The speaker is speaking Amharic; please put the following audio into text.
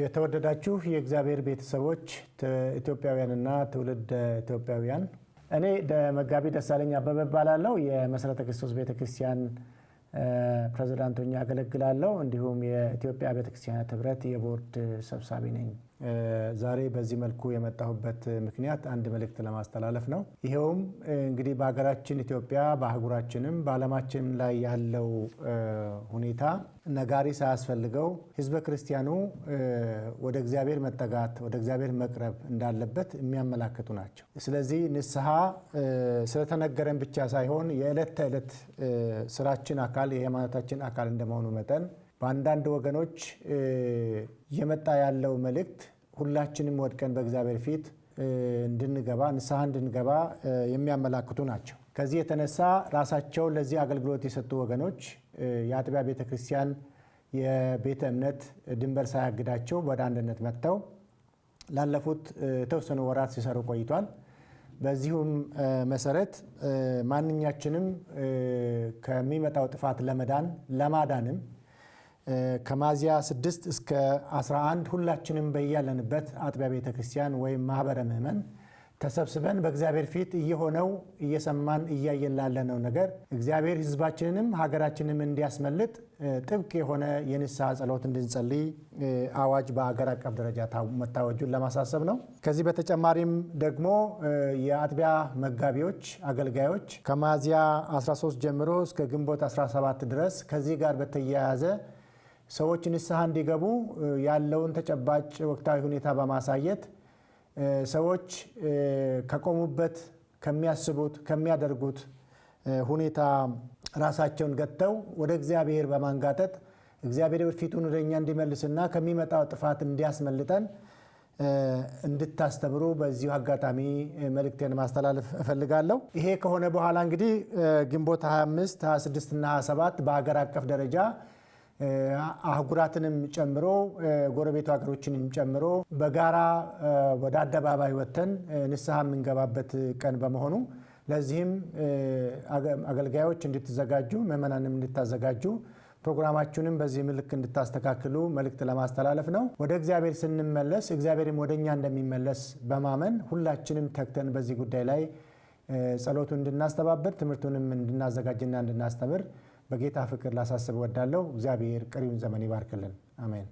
የተወደዳችሁ የእግዚአብሔር ቤተሰቦች ኢትዮጵያውያንና ትውልድ ኢትዮጵያውያን፣ እኔ መጋቢ ደሳለኝ አበበ ባላለው የመሰረተ ክርስቶስ ቤተክርስቲያን ፕሬዚዳንት ሆኜ አገለግላለሁ። እንዲሁም የኢትዮጵያ ቤተክርስቲያናት ህብረት የቦርድ ሰብሳቢ ነኝ። ዛሬ በዚህ መልኩ የመጣሁበት ምክንያት አንድ መልእክት ለማስተላለፍ ነው። ይኸውም እንግዲህ በሀገራችን ኢትዮጵያ፣ በአህጉራችንም በዓለማችን ላይ ያለው ሁኔታ ነጋሪ ሳያስፈልገው ሕዝበ ክርስቲያኑ ወደ እግዚአብሔር መጠጋት፣ ወደ እግዚአብሔር መቅረብ እንዳለበት የሚያመላክቱ ናቸው። ስለዚህ ንስሐ ስለተነገረን ብቻ ሳይሆን የዕለት ተዕለት ስራችን አካል የሃይማኖታችን አካል እንደመሆኑ መጠን በአንዳንድ ወገኖች እየመጣ ያለው መልእክት ሁላችንም ወድቀን በእግዚአብሔር ፊት እንድንገባ ንስሐ እንድንገባ የሚያመላክቱ ናቸው። ከዚህ የተነሳ ራሳቸው ለዚህ አገልግሎት የሰጡ ወገኖች የአጥቢያ ቤተ ክርስቲያን የቤተ እምነት ድንበር ሳያግዳቸው ወደ አንድነት መጥተው ላለፉት የተወሰኑ ወራት ሲሰሩ ቆይቷል። በዚሁም መሰረት ማንኛችንም ከሚመጣው ጥፋት ለመዳን ለማዳንም ከማዚያ 6 እስከ 11 ሁላችንም በያለንበት አጥቢያ ቤተ ክርስቲያን ወይም ማህበረ ምዕመን ተሰብስበን በእግዚአብሔር ፊት እየሆነው እየሰማን እያየን ላለነው ነገር እግዚአብሔር ሕዝባችንንም ሀገራችንም እንዲያስመልጥ ጥብቅ የሆነ የንስሐ ጸሎት እንድንጸልይ አዋጅ በሀገር አቀፍ ደረጃ መታወጁን ለማሳሰብ ነው። ከዚህ በተጨማሪም ደግሞ የአጥቢያ መጋቢዎች፣ አገልጋዮች ከማዚያ 13 ጀምሮ እስከ ግንቦት 17 ድረስ ከዚህ ጋር በተያያዘ ሰዎች ንስሐ እንዲገቡ ያለውን ተጨባጭ ወቅታዊ ሁኔታ በማሳየት ሰዎች ከቆሙበት ከሚያስቡት ከሚያደርጉት ሁኔታ ራሳቸውን ገጥተው ወደ እግዚአብሔር በማንጋጠጥ እግዚአብሔር ፊቱን ወደኛ እንዲመልስና ከሚመጣው ጥፋት እንዲያስመልጠን እንድታስተምሩ በዚሁ አጋጣሚ መልእክቴን ማስተላለፍ እፈልጋለሁ። ይሄ ከሆነ በኋላ እንግዲህ ግንቦት 25፣ 26 እና 27 በሀገር አቀፍ ደረጃ አህጉራትንም ጨምሮ ጎረቤቱ ሀገሮችንም ጨምሮ በጋራ ወደ አደባባይ ወጥተን ንስሐ የምንገባበት ቀን በመሆኑ ለዚህም አገልጋዮች እንድትዘጋጁ፣ ምዕመናንም እንድታዘጋጁ ፕሮግራማችሁንም በዚህ ምልክ እንድታስተካክሉ መልእክት ለማስተላለፍ ነው። ወደ እግዚአብሔር ስንመለስ እግዚአብሔርም ወደ እኛ እንደሚመለስ በማመን ሁላችንም ተግተን በዚህ ጉዳይ ላይ ጸሎቱን እንድናስተባበር ትምህርቱንም እንድናዘጋጅና እንድናስተምር በጌታ ፍቅር ላሳስብ ወዳለው እግዚአብሔር ቀሪውን ዘመን ይባርክልን። አሜን።